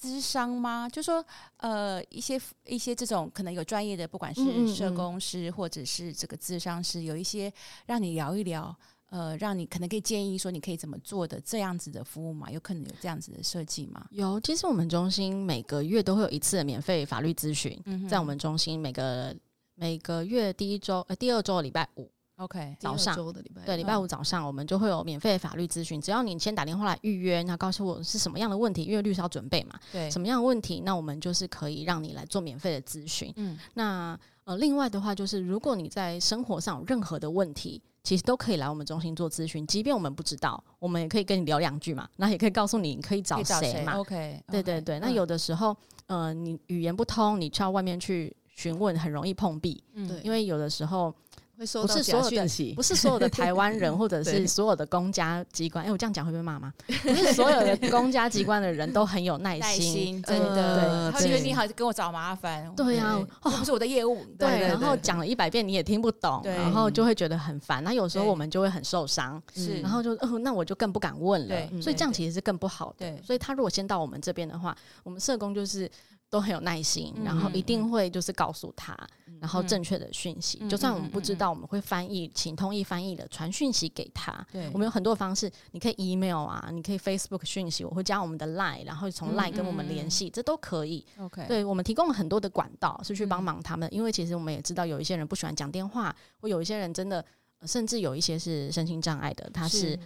A: 諮商嗎？就是說呃，一些一些這種可能有專業的，不管是社工師或者是這個諮商師嗯嗯嗯，有一些讓你聊一聊，呃，讓你可能可以建議說你可以怎麼做的這樣子的服務嘛？有可能有這樣子的設計嗎？
C: 有，其實我們中心每個月都會有一次免費法律諮詢、嗯，在我們中心每個每個月第一周呃第二周禮拜五。
A: OK，早上對禮、嗯、拜五
C: 早上，我們就會有免費的法律諮詢。嗯、只要你先打電話來預約，那告訴我是什麼樣的問題，因為律師要準備嘛。對，什麼樣的問題，那我們就是可以讓你來做免費的諮詢。嗯那，那呃，另外的話就是，如果你在生活上有任何的問題，其實都可以來我們中心做諮詢，即便我們不知道，我們也可以跟你聊兩句嘛，那也可以告訴你，你可以找誰嘛。Okay, OK，對對對。嗯、那有的時候，呃，你語言不通，你到外面去詢問很容易碰壁。嗯，對，因為有的時候。不是所有的不是所有的台灣人，或者是所有的公家機關。哎、欸，我這樣講會被罵嗎？不是所有的公家機關的人都很有耐心， 耐心真的。他是因為你好
A: 像跟我找麻煩。對呀，哦，是我的業務。對，對，對，對，然後
C: 講了一百遍你也聽不懂，然後就會覺得很煩。那有時候我們就會很受傷、嗯，是。然後就，嗯、呃，那我就更不敢問了、嗯。所以這樣其實是更不好的。的。所以他如果先到我們這邊的話，我們社工就是。都很有耐心、嗯，然後一定會就是告訴他、嗯，然後正確的訊息、嗯。就算我們不知道，嗯、我們會翻譯，請通譯翻譯的傳訊息給他。對，我們有很多的方式，你可以 email 啊，你可以 Facebook 訊息，我會加我們的 line，然後從 line 跟我們聯繫、嗯，這都可以。Okay、對，我們提供了很多的管道是去幫忙他們、嗯，因為其實我們也知道有一些人不喜歡講電話，或有一些人真的，呃、甚至有一些是身心障礙的，他是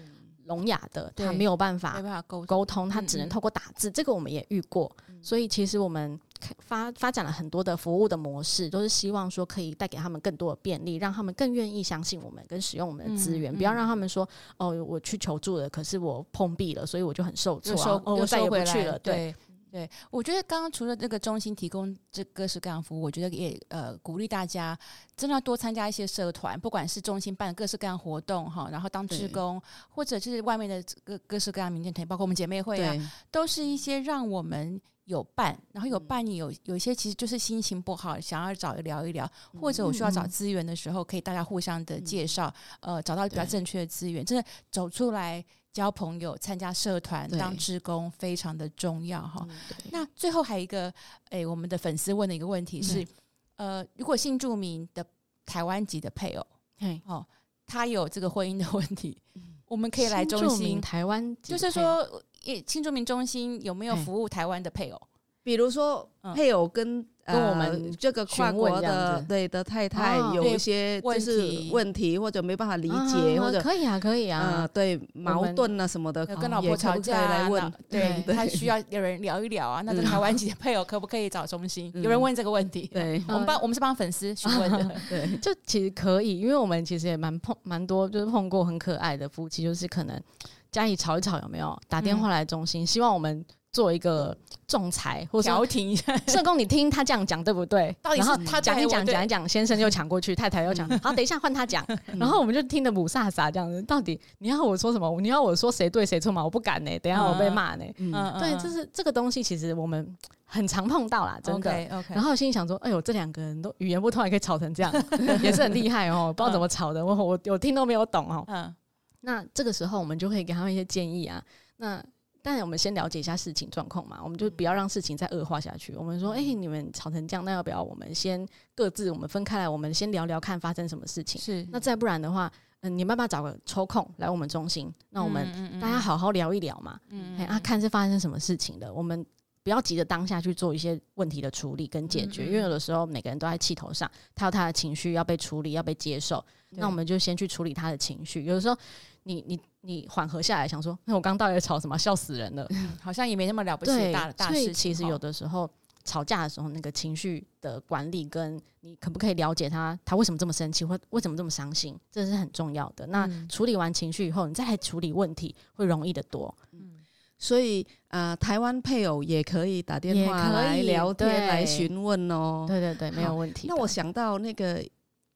C: 聾啞的，他沒有辦法溝
A: 溝通、對、沒辦法溝通、嗯嗯，他只能透
C: 過打字。這個我們也遇過。所以，其實我們發發展了很多的服務的模式，都是希望說可以帶給他們更多的便利，讓他們更願意相信我們跟使用我們的資源，嗯、不要讓他們說哦，我去求助了，可是我碰壁了，所以我就很受挫，哦，我再也不去了，對。對
A: 對，我覺得剛剛除了這個中心提供這各式各樣服務，我覺得也呃鼓勵大家真的要多參加一些社團，不管是中心辦各式各樣活動哈，然後當志工，或者就是外面的各各式各樣民間團體，包括我們姐妹會啊，都是一些讓我們有伴，然後有伴你有、嗯、有一些其實就是心情不好，想要找一聊一聊，或者我需要找資源的時候，嗯嗯可以大家互相的介紹、嗯，呃，找到比較正確的資源，真的走出來。交朋友、參加社團、當志工非常的重要哈、嗯。那最後還有一個，誒、欸，我們的粉絲問的一個問題是：呃，如果新住民的台灣籍的配偶，哦、呃，他有這個婚姻的問題，嗯、我們可以來中心台灣，就是說，新住民中心有沒有服務台灣的配偶？比如說，配偶跟
B: 跟我們這個跨國的對的太太有一些就是問題，或者沒辦法理解，或者可以啊，可以啊，啊對，矛盾啊什麼的，跟老婆吵架來問，對他需要
A: 有人聊一聊啊，那在台灣籍配偶可不可以找中心？有人問這個問題，對，我們幫我們是幫粉
B: 絲詢問的，對，就
C: 其實可以，因為我們其實也蠻碰蠻多，就是碰過很可愛的夫妻，就是可能家裡吵一吵有沒有打電話來中心，希望我們。做一個仲裁或者調停 社工，你聽他這樣講對不對？到底是他講一講，講、嗯、一講，先生又搶過去， 太太又搶，好、嗯，等一下換他講、嗯。然後我們就聽得霧煞煞這樣子。到底你要我說什麼？你要我說誰對誰錯嗎？我不敢呢，等一下我被罵呢、嗯嗯。嗯，對，就是這個東西，其實我們很常碰到啦，真的。Okay, okay 然後心裡想說，哎呦，這兩個人都語言不通，也可以吵成這樣， 也是很厲害哦。不知道怎麼吵的，嗯、我我我，我聽都沒有懂哦。嗯，那這個時候我們就會給他們一些建議啊。那但我們先了解一下事情狀況嘛，我們就不要讓事情再惡化下去、嗯。我們說，誒、欸，你們吵成這樣，那要不要我們先各自我們分開來，我們先聊聊看發生什麼事情？是，那再不然的話，嗯，你爸爸找個抽空來我們中心，那我們大家好好聊一聊嘛，嗯，嗯，嗯啊，看是發生什麼事情的。我們不要急着當下去做一些問題的處理跟解決，嗯嗯，因為有的時候每個人都在氣頭上，他有他的情緒要被處理，要被接受。那我們就先去處理他的情緒。有的時候你，你你。你緩和下來，想說，那我剛到底吵什麼？笑死人了，嗯、好像也沒那麼了不起大大事。其實有的時候吵架的時候，那個情緒的管理，跟你可不可以了解他，他為什麼這麼生氣，或為什麼這麼傷心，這是很重要的。那處理完情緒以後，你再來處理問題，
B: 會容易得多。嗯，所以呃，台灣配偶也可以打電話來聊天，來詢問哦、喔。對對對,對，沒有問題。那我想到那個。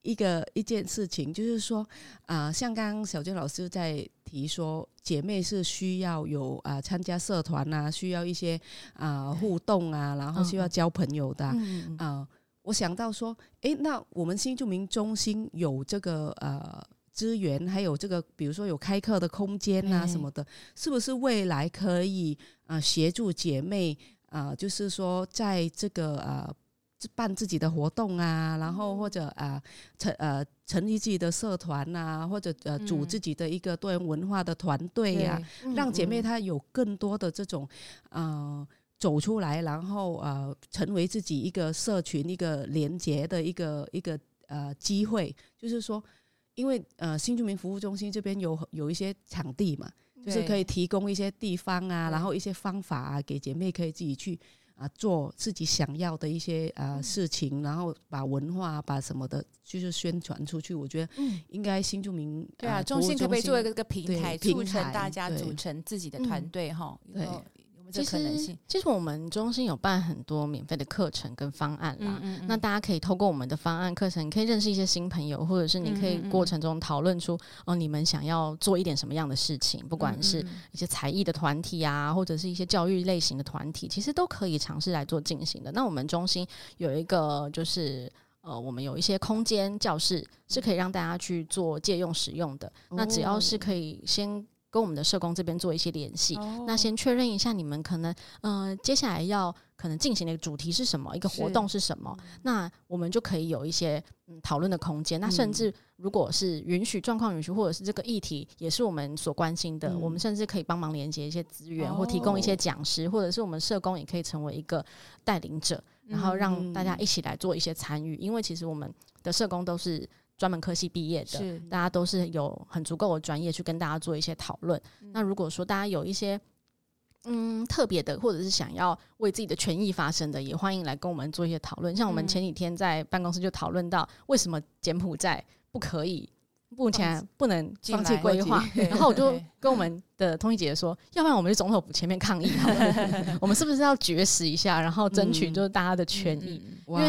B: 一個一件事情，就是說，啊、呃，像剛剛小娟老師在提說，姐妹是需要有啊、呃、參加社團啊，需要一些啊、呃、互動啊，然後需要交朋友的啊。嗯嗯嗯呃、我想到說，哎，那我們新住民中心有這個呃資源，還有這個比如說有開課的空間啊，什麼的，嗯嗯是不是未來可以啊、呃、協助姐妹啊、呃，就是說在這個呃。辦自己的活動啊，然後或者啊、呃、成呃成立自己的社團啊，或者呃組自己的一個多元文化的團隊呀、啊嗯嗯，讓姐妹她有更多的這種啊、呃，走出來，然後啊、呃，成為自己一個社群一個連接的一個一個呃機會。就是說，因為呃新住民服務中心這邊有有一些場地嘛，就是可以提供一些地方啊、嗯，然後一些方法啊，給姐妹可以自己去。啊，做自己想要的一些啊事情、嗯，然後把文化、把什麼的，就是宣傳出去。我覺得，應該新住民、嗯、啊中心可以做一個這個平台，促成大家組
A: 成自己的團隊哈、嗯。對。其實可能性，
B: 其實我們中心有辦很
C: 多免費的課程跟方案啦嗯嗯嗯。那大家可以透過我們的方案課程，你可以認識一些新朋友，或者是你可以過程中討論出哦、嗯嗯嗯呃，你們想要做一點什麼樣的事情？不管是一些才藝的團體啊嗯嗯，或者是一些教育類型的團體，其實都可以嘗試來做進行的。那我們中心有一個就是呃，我們有一些空間教室是可以讓大家去做借用使用的。嗯、那只要是可以先。跟我們的社工這邊做一些聯繫，oh. 那先確認一下你們可能，嗯、呃，接下來要可能進行的一個主題是什麼，一個活動是什麼，那我們就可以有一些嗯討論的空間。那甚至如果是允許狀況允許，或者是這個議題也是我們所關心的，嗯、我們甚至可以幫忙連接一些資源，oh. 或提供一些講師，或者是我們社工也可以成為一個帶領者、嗯，然後讓大家一起來做一些參與、嗯。因為其實我們的社工都是。專門科系畢業的、嗯，大家都是有很足夠的專業去跟大家做一些討論、嗯。那如果說大家有一些嗯特別的，或者是想要為自己的權益發聲的，也歡迎來跟我們做一些討論。像我們前幾天在辦公室就討論到，為什麼柬埔寨不可以目、嗯、前不能放棄規劃？然後我就跟我們的通譯姐姐說，對對對，要不然我們就總統府前面抗議好了， 我們是不是要絕食一下，然後爭取就是大家的權益？嗯、因為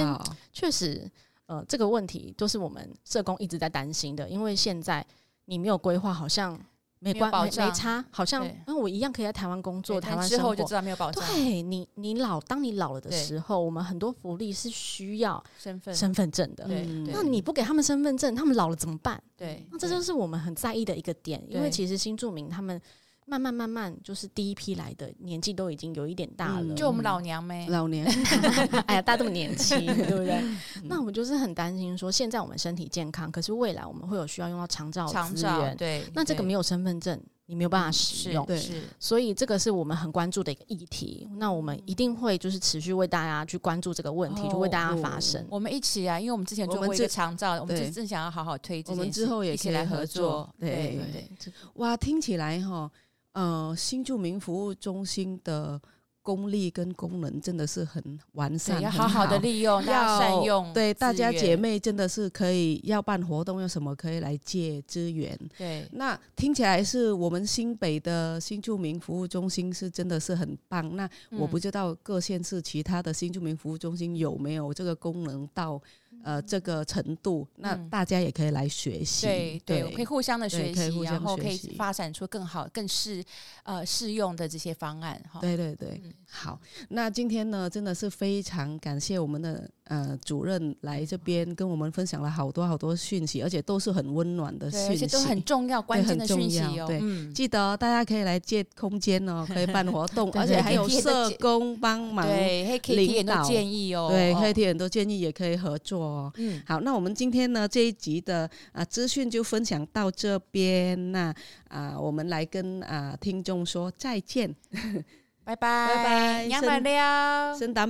C: 確實。呃，這個問題都是我們社工一直在擔心的，因為現在你沒有規劃，好像沒關沒沒，沒差，好像那、啊、我一樣可以在台灣工作、台灣生活。之後就知道沒有保障。對你，你老，當你老了的時候，我們很多福利是需要
A: 身份身份證的對、嗯。對，那你
C: 不給他們身份證，他們老了怎麼辦對？對，那這就是我們很在意的一個點，因為其實新住民他們。慢慢慢慢，就是第一批來的、嗯、年紀都已經有一點大了，就我們老娘唄、嗯，老年， 哎呀，大家這麼年輕， 對不對、嗯？那我們就是很擔心說，現在我們身體健康，可是未來我們會有需要用到長照資源，長照對，對，那這個沒有身份證，你沒有辦法使用，是，所以這個是我們很關注的一個議題。那我們一定會就是持續為大家去關注這個問題，哦、就為大家發聲、哦。
A: 我們一起啊，因為我們之前做個長照，我們，我們就真正想要好好推進。我們之後也可以來合作對，對對
B: 對。哇，聽起來哈。呃，新住民服務中心的功力跟功能真的是很完善，要好好的利用，要，要善用。對，大家姐妹真的是可以要辦活動，有什麼可以來借資源。對，那聽起來是我們新北的新住民服務中心是真的是很棒。那我不知道各縣市其他的新住民服務中心有沒有這個功能到，呃，這個程度，那大家也可以來學習，嗯、對對、對、對，可以互相的學習，互相學習，然後可以
A: 發展出更好、更適呃適用的這些方案。哈、哦，對對
B: 對、嗯，好，那今天呢，真的是非常感謝我們的呃主任來這邊跟我們分享了好多好多訊息，而且都是很溫暖的訊息，而且都很重要、關鍵的訊息對、嗯、對，記得、哦、大家可以來借空間哦，可以辦活動， 而且還有社工幫忙，對，可以提很多建議哦，對，可以提很多建議，也可以合作、哦。哦，嗯，好，那我們今天呢，這一集的啊資訊就分享到這邊，那啊，啊，我們來跟啊聽眾說再見， 拜拜，拜，拜、哦，拜拜，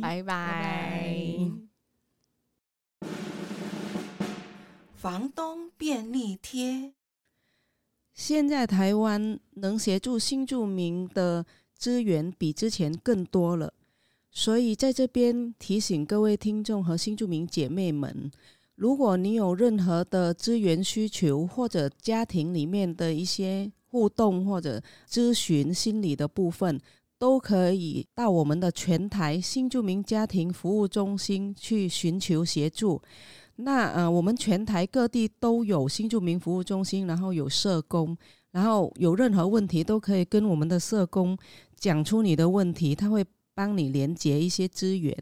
B: 拜拜，房東便利貼。現在台灣能協助新住民的資源比之前更多了。所以，在這邊提醒各位聽眾和新住民姐妹們，如果你有任何的資源需求，或者家庭裡面的一些互動，或者諮詢心理的部分，都可以到我們的全台新住民家庭服務中心去尋求協助。那呃，我們全台各地都有新住民服務中心，然後有社工，然後有任何問題都可以跟我們的社工講出你的問題，他會。幫你連接一些資源。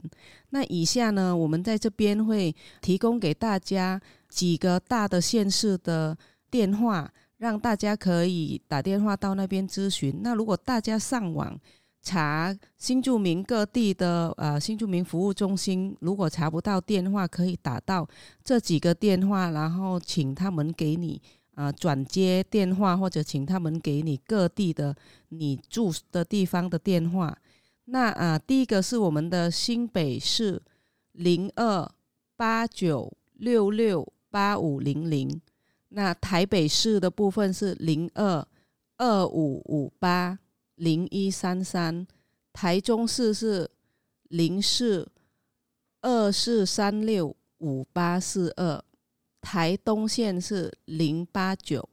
B: 那以下呢，我們在這邊會提供給大家幾個大的縣市的電話，讓大家可以打電話到那邊諮詢。那如果大家上網查新住民各地的呃新住民服務中心，如果查不到電話，可以打到這幾個電話，然後請他們給你呃轉接電話，或者請他們給你各地的你住的地方的電話。那啊，第一個是我們的新北市零二八九六六八五零零。那台北市的部分是零二二五五八零一三三。台中市是零四二四三六五八四二。台東縣是零八九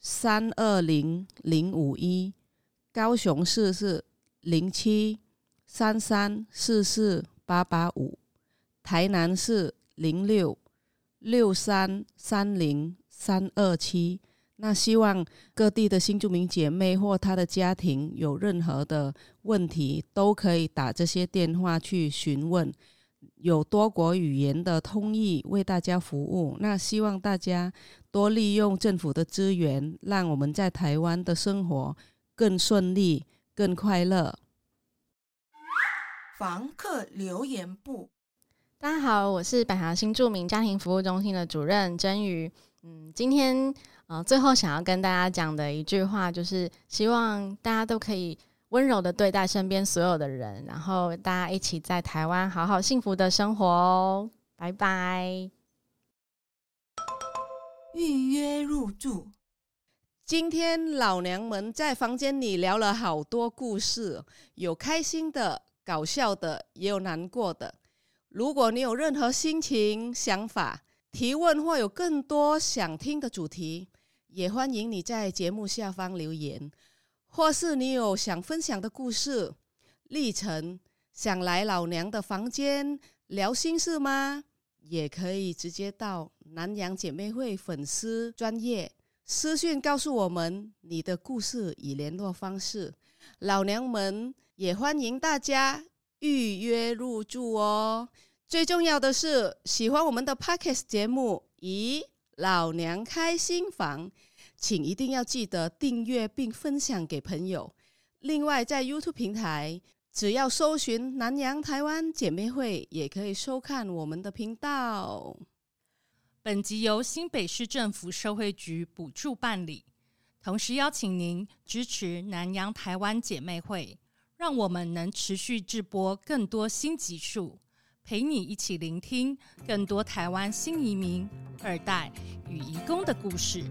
B: 三二零零五一。高雄市是零七三三四四八八五，台南市零六六三三零三二七。那希望各地的新住民姐妹或她的家庭有任何的問題，都可以打這些電話去詢問，有多國語言的通譯為大家服務。那希望大家多利用政府的資源，讓我們在台灣的生活更順利，更快樂。房客留言簿，大家好，我是板橋新住民家
C: 庭服務中心的主任鄭禎妤。嗯，今天呃，最後想要跟大家講的一句話，就是希望大家都可以溫柔的對待身邊所有的人，然後大家一起在台灣好好幸福的生活哦。拜拜。
B: 預約入住。今天老娘們在房間裡聊了好多故事，有開心的、搞笑的，也有難過的。如果你有任何心情、想法、提問，或有更多想聽的主題，也歡迎你在節目下方留言，或是你有想分享的故事、歷程，想來老娘的房間聊心事嗎？也可以直接到南洋姐妹會粉絲專頁，私訊告訴我們你的故事與聯絡方式，老娘們也歡迎大家預約入住哦。最重要的是，喜歡我們的 Podcast 節目以老娘開心房，請一定要記得訂閱並分享給朋友。另外，在 YouTube 平台只要搜尋“南洋台灣姐妹會”也可以收看我們的頻道。
A: 本集由新北市政府社會局補助辦理，同時邀請您支持南洋台灣姐妹會，讓我們能持續製播更多新集數，陪你一起聆聽更多台灣新移民二代與移工的故事。